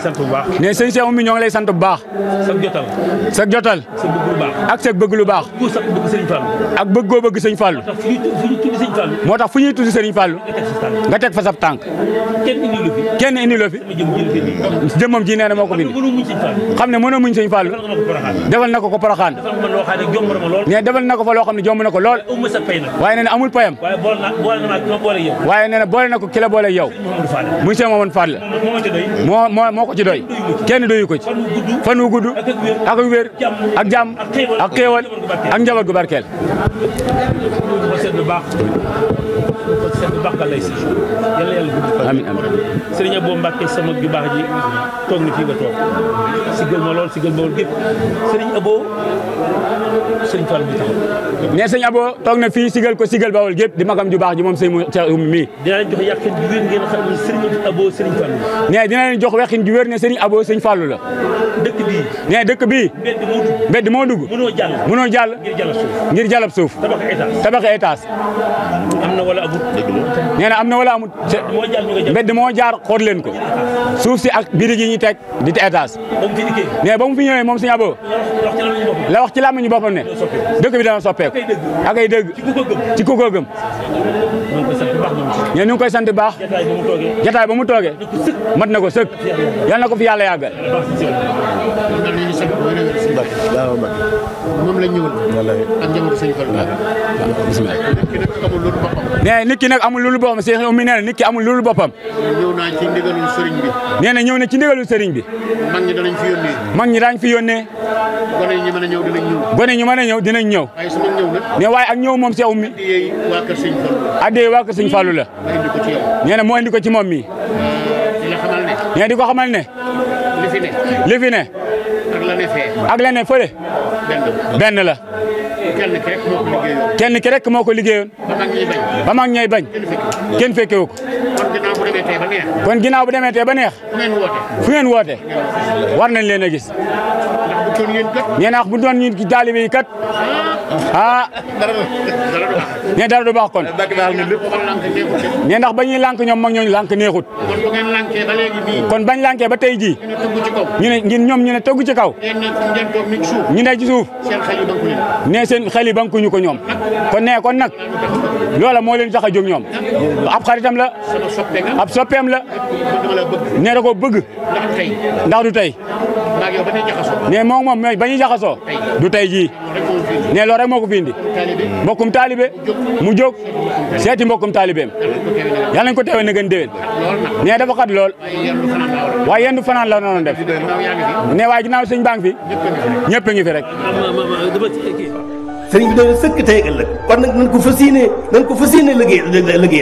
lay sant bu baax. ne sëñ Cheikh mi ñoo ngi lay sant bu baax. sa jotal. sa jotal. sa bëgg lu baax. ak sa bëgg lu baax. ak bëgg goo bëgg sëñ Fallou. moo tax fu ñuy tudd sëñ Fallou. nga teg fa sab tànk. kenn indi lo fi. kenn ji nee na moo ko bind. xam ne mënoo muñ sëñ Fallou. defal na ko ko poroxaan. ne defal na ko fa loo xam ne jomb na ko lool. waaye nee na amul payam. waaye nee na boole na ko ki la boole yow. muy sëñ Mamadou moo moo ko ci doy kenn doyu ko ci fan wu gudd ak wér ak jàmm ak xéewal ak njaboot gu barkeel amiin amiin sëriñ Abo Mbàkke sama ju baax ji toog na fii nga toog siggal ma lool siggal ma lool gépp sëriñ Abo sëriñ bi taxaw ne sëriñ Abo na fii siggal ko siggal bawol gépp di magam ju baax ji moom sëriñ mu mii dinaa jox yàqin ju wér ne sëriñ Abo sëñ Fallou la. dëkk bii. nee dëkk bii. mbedd moo dugg mënoo jàll. mënoo jàll ngir jàllab suuf. tabax étage. am na wala amut. nee am na wala amut. mbedd moo jaar xool leen ko. suuf si ak birig yi ñuy teg di te étage. nee ba mu fi ñëwee moom sëñ Abo. la wax ci làmmiñu boppam ne. dëkk bi dana soppeeku. ak ay dëgg ci ku ko gëm. ñeen ñu koy sant baax jataay ba mu toogee mat na ko sëkk yal na ko fi yàlla yàggal moom la ñëwoon ak nee nit ki nag loolu boppam Cheikh Oumy nee na nit ki loolu boppam. ñëw nee na ñëw na ci ndigalul sëriñ bi. mag ñi danañ ñi daañ fi yónnee. gone ñi mën a ñëw dinañ ñëw. gone ñi mën nee waaye ak ñëw moom Cheikh Oumy. addee waa kër sëñ la. addee na moo indi ko ci moom mii. di la xamal ne. nee di ko xamal ne. li fi ne. ne. ak la ne benn la. kenn ki rek moo ko liggéeyoon. ba mag ñooy bañ. kenn fekkewu ko. kon ginnaaw bu demee tee ba neex. fu ngeen woote. war na leen a gis. nee naa bu doon ñun taalibe yi kat. Ah. ah. ne dara du baax kon. ne ndax ba ñuy lànk ñoom mag ñooñu lànk neexut. kon bañ lànkee ba tey jii. ñu ne ñoom ñu ne tëggu ci kaw. ñu ne ci suuf. ne seen xel yi bankuñu ko ñoom. kon nee kon nag loola moo leen tax a jóg ñoom. ab xaritam la. ab soppeem la. ne da ko bëgg. ndax du tey. maa ngi yow ne moom moom ba ñuy jaxasoo. du tey ji ne loolu rek moo ko fi mbokkum taalibe mu jóg seeti mbokkum taalibeem. yàlla nañ ko teewee na gën déwén. ne dafa xat lool. waaye yendu fanaan la noonu def. ne waaye ginnaaw sëñ baa ngi fi. ñëpp ngi fi rek. sëriñ bi sëkk tey ëllëg